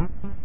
Mm-hmm.